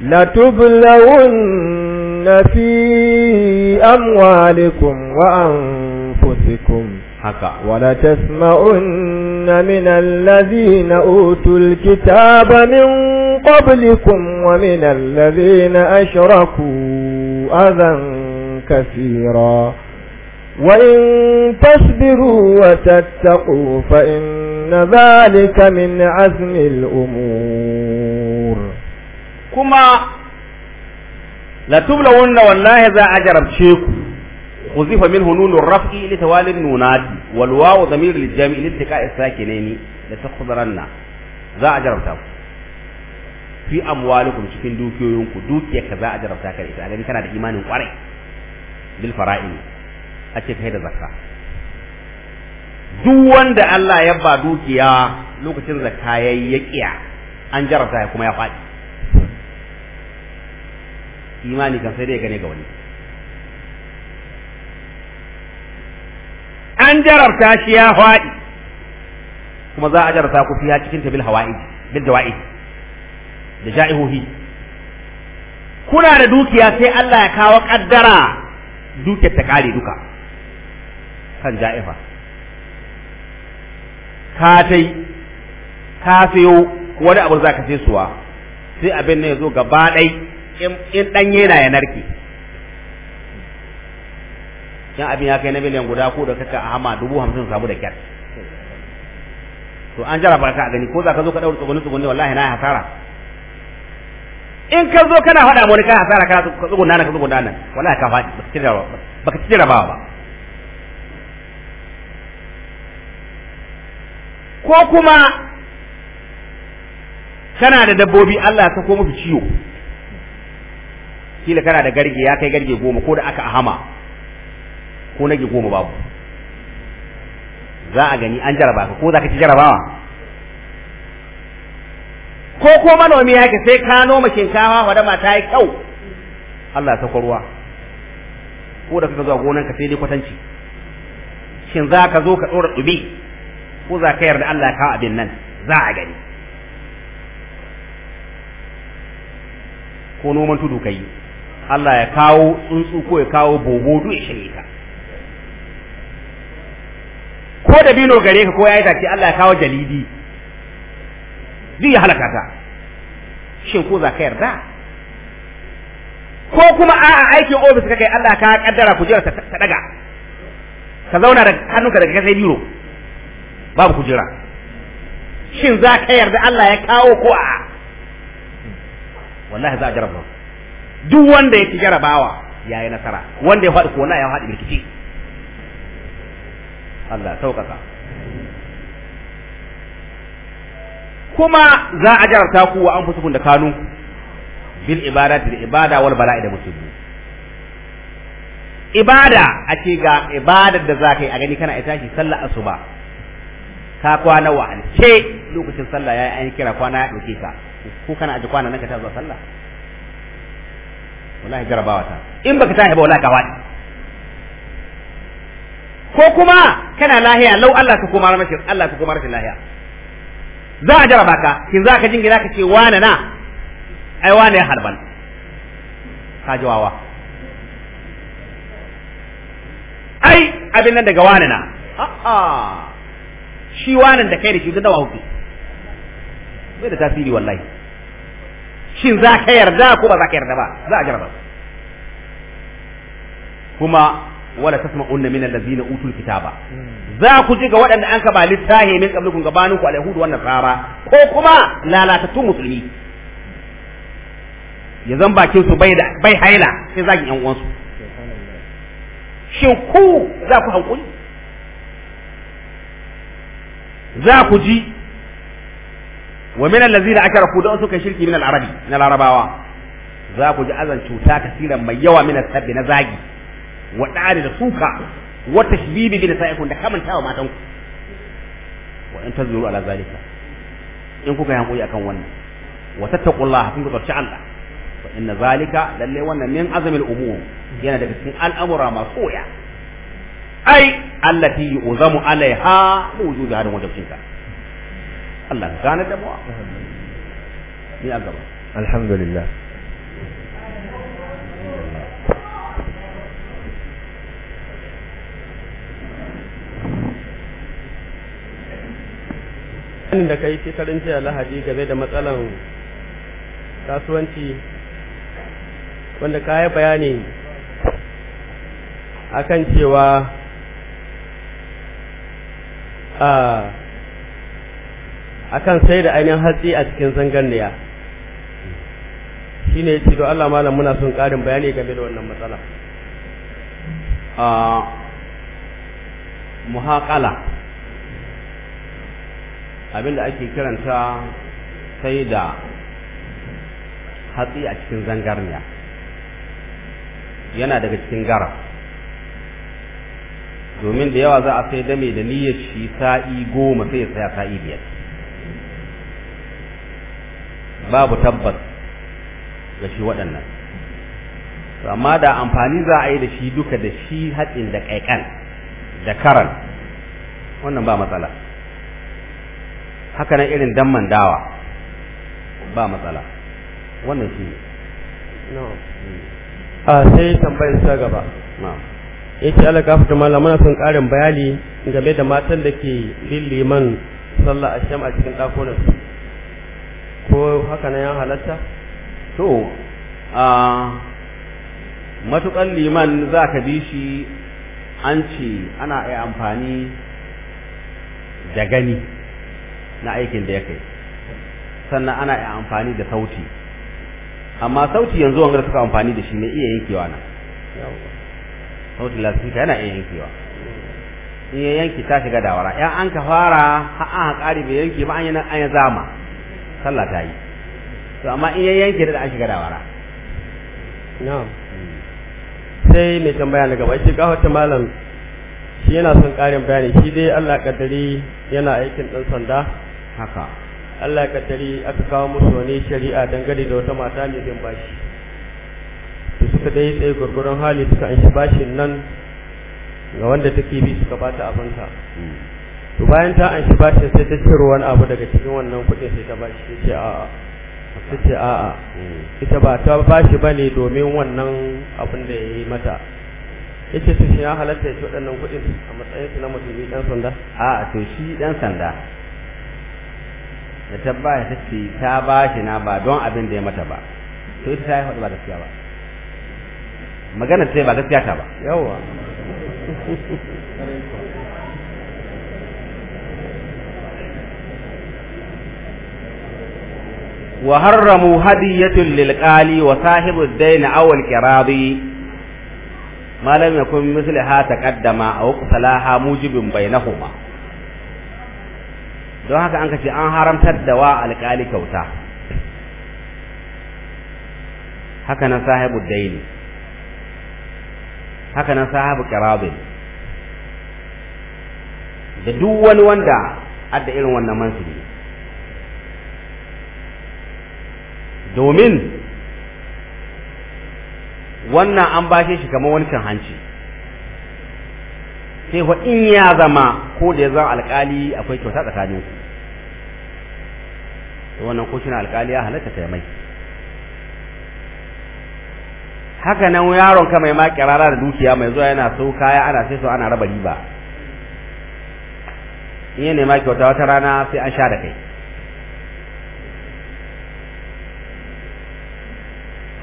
لتبلون في أموالكم وأنفسكم حقا ولتسمعن من الذين أوتوا الكتاب من قبلكم ومن الذين أشركوا أذى كثيرا وإن تصبروا وتتقوا فإن إن ذلك من عزم الأمور كما لا تبلون والله ذا أجر بشيك خذف منه نون الرفع لتوالي النونات والواو ضمير للجامع لاتقاء الساكنين لتخبرن ذا أجرب تاو fi amwalikum cikin dukiyoyinku dukiyar ka za أجر بشيك ka da ita a gani kana da imanin kwarai duk wanda Allah ya ba dukiya lokacin zakka yayi ya kiya an jarabta ya kuma ya faɗi imani kan sai dai gane ga wani an jarabta shi ya faɗi kuma za a jarabta ku fiya cikin tabil hawa'i bil dawa'i da ja'ihuhi kuna da dukiya sai Allah ya kawo kaddara dukiyar ta kare duka kan ja'ifa ka ka sayo wani abu za ka sai suwa sai abin ne ya zo gaba ɗai in ɗanye na ya narke yan abin ya kai na miliyan guda ko da kaka a hama dubu hamsin samu da kyar to an jaraba ka a gani ko za ka zo ka ɗaura tsugunni tsugunni wallahi na hasara in ka zo kana faɗa wani ka hasara kana tsugunna na ka tsugunna nan wallahi ka faɗi ka ci jarabawa ba ko kuma kana da dabbobi Allah ya sako musu ciwo kila kana da garge ya kai garge goma ko da aka ahama ko nage goma babu za a gani an jaraba ka ko za ka ci jarabawa ko ko manomi ya ke sai ka noma shinkafa wadama ta yi kyau Allah ya sako ruwa ko da kaka zuwa gonan ka sai dai kwatanci shin za ka zo ka ɗora ɗubi ko za ka yarda Allah ya kawo abin nan za a gani ko noman tudu ka yi Allah ya kawo tsuntsu ko ya kawo bobo duk ya shirye ka ko da bino gare ka ko ya yi tace Allah ya kawo jalidi zai ya halaka ta shin ko za ka yarda ko kuma a'a aikin ofis kake Allah ka kaddara kujerar ta daga ka zauna da hannunka daga kasai biro babu kujira shin za ka yarda Allah ya kawo ko a wallahi za a jarraba duk wanda ya ci jarabawa ya yi nasara wanda ya faɗi kona ya faɗi birkici Allah sauƙaƙa kuma za a jarabta ku wa an fusukun da kanu bil ibada da ibada wal bala'i da musulmi ibada a ce ga ibadar da za ka yi a gani kana ita shi sallar asuba ka kwana wa alce lokacin sallah yayi an kira kwana ya dauke ka ko kana aje kwana nan ka ta sallah wallahi jarabawa ta in baka tashi ba wallahi ka ko kuma kana lahiya lau Allah ka koma mashi Allah ka koma rashin lahiya za a jaraba ka kin za ka jingina ka ce wane na ai wane ya harban ka jawawa ai abin nan daga wane na a'a shi wanan da kai da shi da dawa hukunci bai da tasiri wallahi shin za ka yarda ko ba za ka yarda ba za a jarraba kuma wala tasma'unna min allazina utul kitaba za ku ji ga waɗanda an ka ba littahi min qablikum gabaninku al-yahudu wan nasara ko kuma lalatattun musulmi ya zan bakin su bai da bai haila sai zagin yan uwansu shin ku za ku hankuli za ku ji wa min allazina akaraku da suka shirki min al-arabi na larabawa za ku ji azan cuta kasiran mai yawa min sabbi na zagi wa da'ari da suka wa tashbibi bi sa'ikum da kamantawa matan ku wa in tazuru ala zalika in kuka yi hankuri akan wannan wa tattaqullaha kun ku Allah wa inna zalika lalle wannan min azamil umur yana daga cikin al'amura masu wuya ai allati yuzamu alaiha wujudu hadin ka Allah gane da mu ni a gaba alhamdulillah da ka yi shekarun jiya lahadi game da matsalan kasuwanci wanda ka yi bayani akan cewa Ah, akan sai da ainihin hatsi a cikin zangar zangarniya shine ci don Allah malam muna son karin bayani game da wannan matsala ah, a abin abinda ake kiranta sai da hatsi a cikin zangarniya yana daga cikin gara domin da yawa za a sai dame da niyyar shi sa'i goma sai ya tsaya sa'i biyar babu tabbas ga shi waɗannan amma da amfani za a yi da shi duka da shi haɗin da ƙaiƙan da karan wannan ba matsala haka nan irin damman dawa ba matsala wannan shi ne a ah, sai tambayar sa gaba na'am yace Allah gafarta malam muna son karin bayani game da matan da ke bin liman sallah asham a cikin ɗakunan ko haka na ya halatta to a matukan liman za ka bi shi an ce ana yi amfani da gani na aikin da ya kai sannan ana yi amfani da sauti amma sauti yanzu wanda suka amfani da shi ne iya yankewa na sautin ta yana iya yankewa in ya yanki ta shiga dawara yan an ka fara ha an kare bai yanki ba an ya an zama sallah ta yi to amma in ya yanki da an shiga dawara na'am sai mai tambaya na gaba shi gawa ta malam shi yana son ƙarin bayani shi dai Allah kaddari yana aikin dan sanda haka Allah kaddari aka kawo musu wani shari'a dangane da wata mata mai bin bashi ta dai tsaye gurgurun hali suka an shi bashin nan ga wanda take bi suka bata abinta to bayan ta an shi bashin sai ta ciro wani abu daga cikin wannan kuɗin sai ta bashi sai ce a'a ta ce a'a ita ba ta bashi bane domin wannan abin da ya yi mata ya ce shi ya halatta ya ci waɗannan kuɗin a matsayin su na musulmi ɗan sanda a'a to shi ɗan sanda da ta ba ta ce ta bashi na ba don abin da ya mata ba to ita ta yi haɗu ba gaskiya ba Maganar sai ba gaskiya ta ba yawa wa harramu hadiyatun lil qali wa sahibu ad-dayn aw al-qiradi ma lam yakun mislaha taqaddama aw salaha mujibin bainahuma don haka an kace an haramtar da wa alƙali kyauta haka nan sahibu ad-dayn haka nan sahabu qarabin da duk wani wanda adda irin wannan mansubi domin wannan an bashe shi kamar wani cin hanci sai fa in ya zama ko da ya zama alkali akwai kyauta tsakaninku wannan ko shi na alkali ya halatta kai mai haka nan yaron ka mai rara da dukiya mai zuwa yana so kaya ana sai so ana raba riba in ne nema kyauta wata rana sai an sha da kai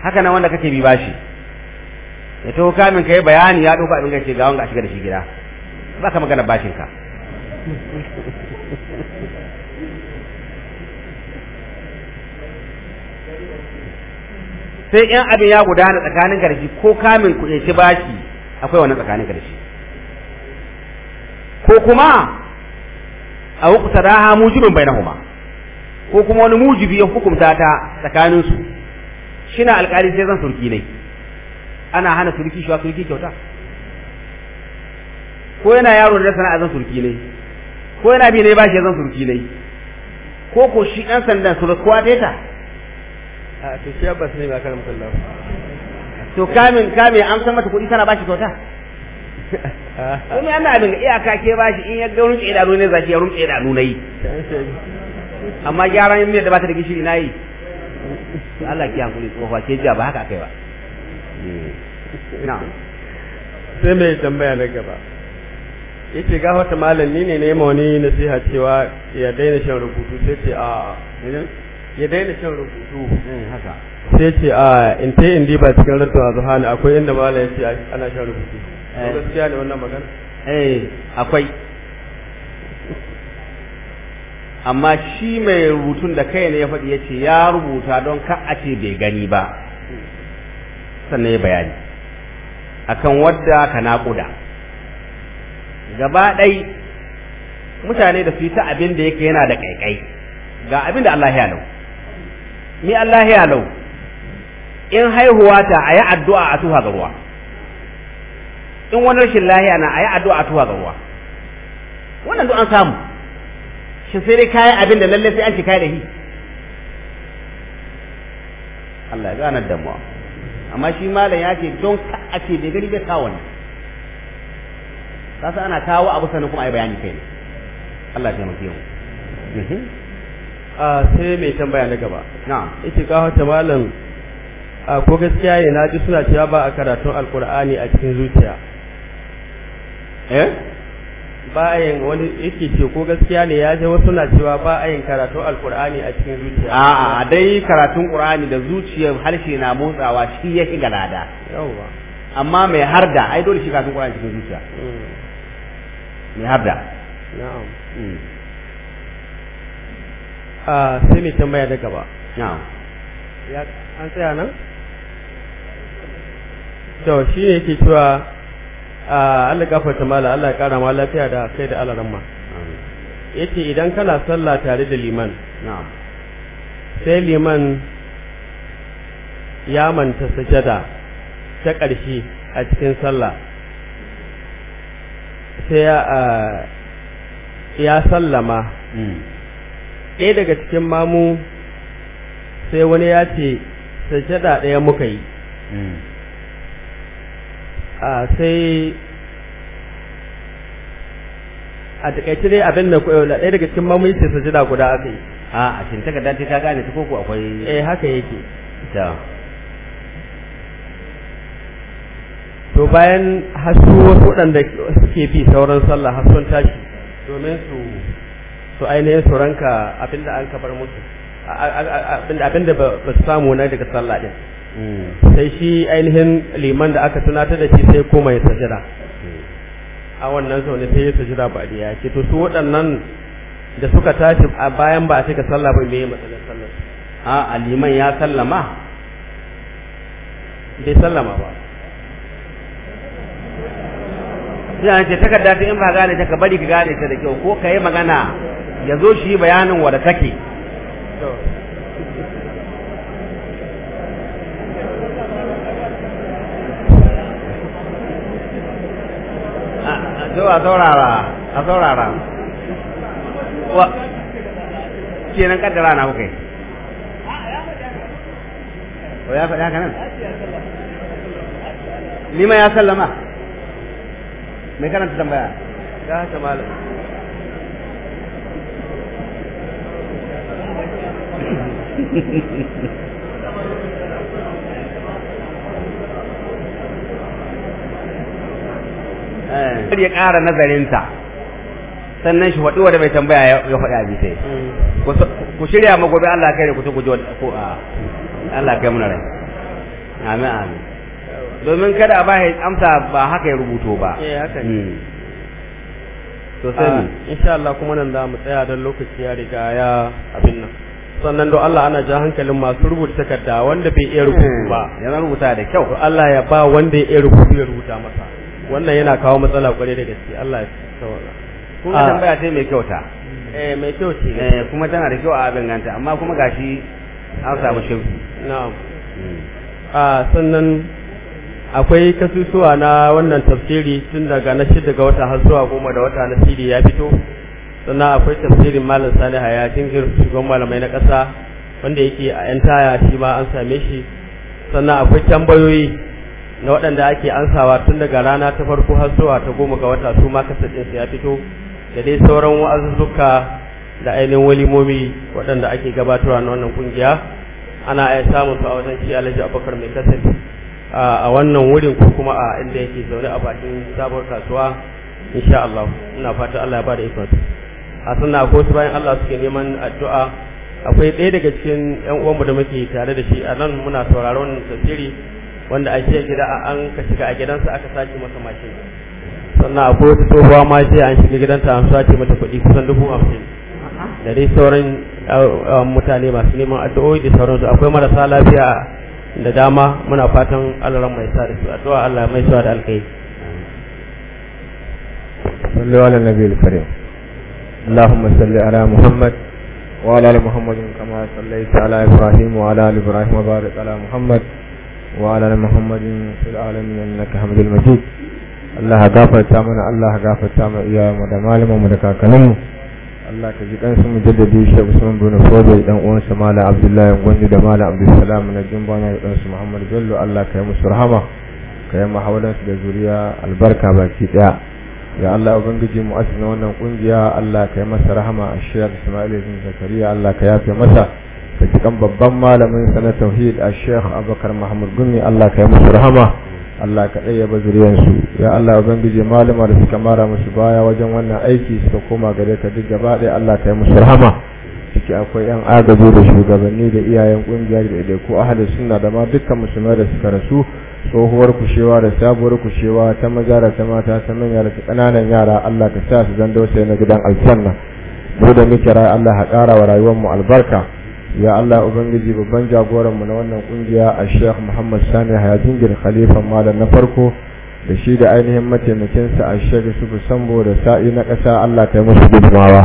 haka nan wanda kake bi bashi ya to kamin kai bayani ya ɗauka abin gace ga wanga a shiga da shi gida ba ka magana bashin ka sai in abin ya gudana tsakanin garshi ko kamin ku shi bashi akwai wannan tsakanin garshi ko kuma a hukuta raha mujibin bainahuma ko kuma wani mujibi ya hukumta ta tsakanin su shina alkali sai zan surki ne ana hana surki shi surki kyauta ko yana yaro da sana'a zan surki ne ko yana bi ne ba shi zan surki ne ko ko shi ɗan sandan surkuwa ta to sai ba sai ba karam kullu to kamin kamin an san mata kuɗi ba bashi kyauta kuma yana abin iyaka ke bashi in ya ga rumce da ne zaki ya da nuna yi. amma gyaran yin da ta da gishiri nayi Allah ki hankuli tsofa ke jiya ba haka kai ba Na. sai mai tambaya na gaba yace ga wata malami ne ne mawani nasiha cewa ya daina shan rubutu sai ce a ya daina cin rubutu eh, haka sai ce ah, a in ta in ba cikin rattun zuhani akwai inda mala ya ce ana shan rubutu eh. gaskiya ne wannan magana eh akwai amma shi mai rubutun da kai ne ya faɗi ya ce ya rubuta don ka a ce bai gani ba sannan ya bayani akan wadda ka naƙuda gaba ɗai mutane da su yi ta abin da yake yana da ƙaiƙai ga abin da Allah ya nau ni Allah ya lau in haihuwa ta ayi addu'a a tuha ga ruwa in wani rashin lahiya na ayi addu'a a tuha ga ruwa wannan duk an samu shin sai dai kayan abin da lalle sai an ci kai da shi Allah ya ganar da mu amma shi malam ya ce don ka a ce bai gari bai kawo ne kasa ana kawo abu sanin kuma ayi bayani kai ne Allah ya taimake mu a ah, sai mai tambaya na gaba na ita kawo ta malam a ah, ko gaskiya ne na ji suna cewa ba a karatun alkur'ani a cikin zuciya eh yin wani yake ce ko gaskiya ne ya ce wasu na cewa ba a yin karatun alkur'ani a cikin zuciya a'a dai karatun qur'ani da zuciyar harshe na motsawa shi yake galada yawa amma mai harda ai dole shi karatun qur'ani cikin zuciya mm. mai harda na'am mm. Ah, sai mai tambaya da gaba na'am ya an tsaya nan to shi ne yake cewa ah, Allah gafarta mala Allah ya kara ma lafiya da kai da alaran ma yace idan kana sallah tare da liman na'am sai liman ya manta sajada ta ƙarshe a cikin sallah sai ya ah, sallama hmm. ɗaya daga cikin mamu sai wani ya ce sajada ɗaya muka yi hmm. a sai a takaice dai abin da ɗaya daga cikin mamu sai sajada guda aka yi a a cin takarda ta gane ta koko akwai eh haka yake ta to bayan hasu wasu waɗanda suke bi sauran sallah hasuwan tashi domin su So ainihin su abinda an kabar musu abinda ba su samu na daga sallah din sai shi ainihin liman da aka tunatar da shi sai koma ya sajira a wannan zaune sai ya sajira ba da yake. to su waɗannan da suka tashi a bayan ba a cika sallah ba me matsalar sallar a liman ya sallama bai sallama ba sai an ce takarda ta in ba gane ta ka bari ka gane ta da kyau ko ka yi magana ya zo shi bayanin wadda take zo a saurara a saurara wa kenan kaddara na kuka ko ya faɗi haka nan lima ya sallama mai karanta tambaya ya ta malam kar eh. ya ƙara nazarinta sannan shi faɗi wanda bai tambaya ya faɗi abi sai hmm. ku shirya ma gobe Allah kai ku tuku jiwa ko a Allah kai muna rai amin amin domin kada a ba amsa ba haka ya rubuto ba eh haka ne hmm. to sai ah, insha Allah kuma nan za mu tsaya don lokaci ya riga ya abin nan sannan don Allah ana ja hankalin masu rubuta takarda wanda bai iya rubutu hmm. ba yana rubuta da kyau Allah ya ba wanda ya iya rubutu ya rubuta masa wannan yana kawo matsala kware da gaske Allah ya tsawala kun ga ah. tambaya ce mai kyauta eh mai kyau ce eh kuma tana da kyau a abin ganta amma kuma gashi an samu eh, shauki na'am hmm. a ah, sannan akwai kasusuwa na wannan tafsiri tun daga na shida ga wata har zuwa goma da wata na siri ya fito sannan akwai tafsirin malam sani haya jingir shugaban malamai na ƙasa wanda yake a yan taya shi ma an same shi sannan akwai tambayoyi na waɗanda ake ansawa tun daga rana ta farko har zuwa ta goma ga wata su ma kasaɗinsu ya fito da dai sauran wa'azuzzuka da ainihin walimomi waɗanda ake gabatarwa na wannan ƙungiya ana iya samun su a wajen shi alhaji abubakar mai kasance a wannan wurin ko kuma a inda yake zaune a bakin sabon kasuwa insha Allah ina fata Allah ya bada ikon a suna ko su bayan Allah suke neman addu'a akwai ɗaya daga cikin ƴan uwanmu da muke tare da shi a nan muna sauraron tafsiri wanda a jiya gida an ka shiga a gidansa aka sace masa mashin sannan akwai wata tsohuwa ma sai an shiga gidanta an sace mata kuɗi kusan dubu hamsin da dai sauran uh, uh, mutane masu neman addu'o'i da sauransu akwai marasa lafiya da dama muna fatan Allah mai sa da su addu'a Allah mai sa da alkai sallallahu alaihi wa sallam اللهم صل على محمد وعلى ال محمد كما صليت على ابراهيم وعلى ال ابراهيم وبارك على محمد وعلى ال محمد في العالمين انك حميد مجيد الله غفرت mana Allah mana da malamanmu da kakanninmu Allah ka ji kansu mu jaddadi Sheikh Usman bin Fodi dan uwan sa Malam Abdullahi Gwanju da Malam Abdul Salam na Jumbana da dan su Bello Allah ka yi musu rahma ka yi mahaulansu da zuriya albarka baki daya ya Allah ubangiji mu asina wannan kungiya Allah ka yi masa rahama a shiyar Ismail bin Zakariya Allah ka yafe masa ka cikin babban malamin sa na tauhid a Sheikh Abubakar Muhammad Gumi Allah ka yi masa rahama Allah ka ɗaya ba zuriyansu ya Allah ubangiji malama da suka mara musu baya wajen wannan aiki suka koma gare ka duk gaba ɗaya Allah ka yi musu rahama ciki akwai yan agaji da shugabanni da iyayen kungiya da ɗaiɗaiku ahalin suna da ma dukkan musulmai da suka rasu tsohuwar kushewa da sabuwar kushewa ta maza da ta mata ta manya da ta kananan yara Allah ka sa su zando sai na gidan aljanna mu da muke rai Allah ha ƙara wa rayuwar mu albarka ya Allah ubangiji babban jagoran na wannan kungiya a Sheikh Muhammad Sani Hayajingir khalifan malam na farko da shi da ainihin mataimakinsa a Sheikh Yusuf Sambo da sa'i na ƙasa Allah ta yi musu gudunmawa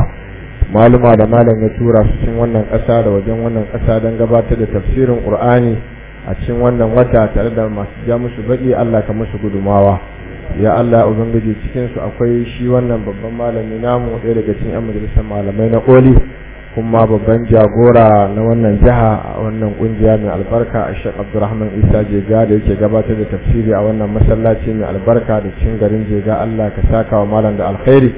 maluma da malam ya tura su cikin wannan ƙasa da wajen wannan ƙasa don gabatar da tafsirin Qur'ani a cikin wannan wata tare da masu ja musu baki Allah ka musu gudumawa ya Allah ubangiji cikin su akwai shi wannan babban malami namu ɗaya daga cikin yan majalisar malamai na koli kuma babban jagora na wannan jiha a wannan kungiya mai albarka a Sheikh Abdulrahman Isa Jega da yake gabatar da tafsiri a wannan masallaci mai albarka da cikin garin Jega Allah ka saka wa malam da alkhairi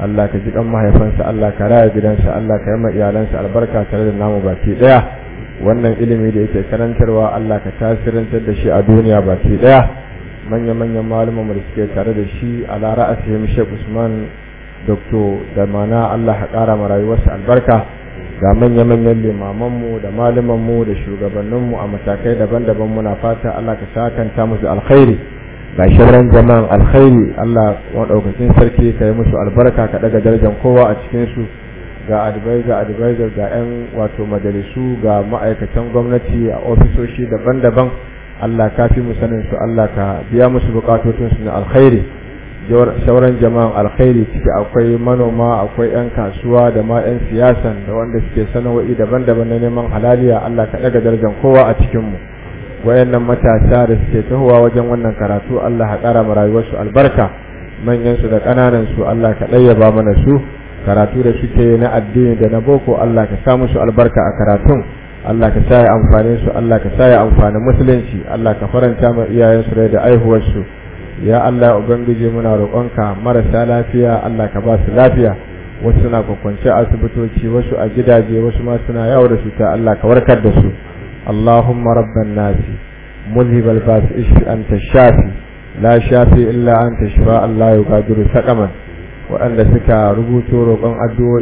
Allah ka ji kan mahaifansa Allah ka raya gidansa Allah ka yi ma iyalansa albarka tare da namu baki daya wannan ilimi da yake karantarwa Allah ka tasirantar da shi a duniya baki daya manya-manyan malumanmu da suke tare da shi a lara asihim Sheikh Usman Dr. da Allah ka kara ma rayuwarsa albarka ga manya-manyan limamanmu da malumanmu da shugabanninmu a matakai daban-daban muna fata Allah ka sakanta musu alkhairi ga shirin jama'an alkhairi Allah maɗaukakin sarki ka yi musu albarka ka daga darajar kowa a cikinsu ga advisor advisor ga 'yan wato majalisu ga ma'aikatan gwamnati a ofisoshi daban-daban Allah ka fi mu sanin su Allah ka biya musu bukatotun su na alkhairi sauran jama'an alkhairi ciki akwai manoma akwai 'yan kasuwa da ma 'yan siyasan da wanda suke sana'o'i daban-daban na neman halaliya Allah ka daga darajar kowa a cikin mu wayannan matasa da suke tahowa wajen wannan karatu Allah ka kara mu rayuwarsu albarka manyan su da kananan su Allah ka ɗayyaba mana su karatu da suke na addini da na boko Allah ka sa musu albarka a karatun Allah ka sa ya su Allah ka sa ya amfanin musulunci Allah ka faranta ma iyayen su da aihuwar su ya Allah ubangiji muna roƙonka marasa lafiya Allah ka ba su lafiya wasu na kwakwance asibitoci wasu a gidaje wasu ma suna yawo da cuta Allah ka warkar da su Allahumma rabban nasi مذهب الباس اشف أنت الشافي لا شافي إلا أنت شفاء لا يغادر سقما waɗanda suka rubuto roƙon addu'o'i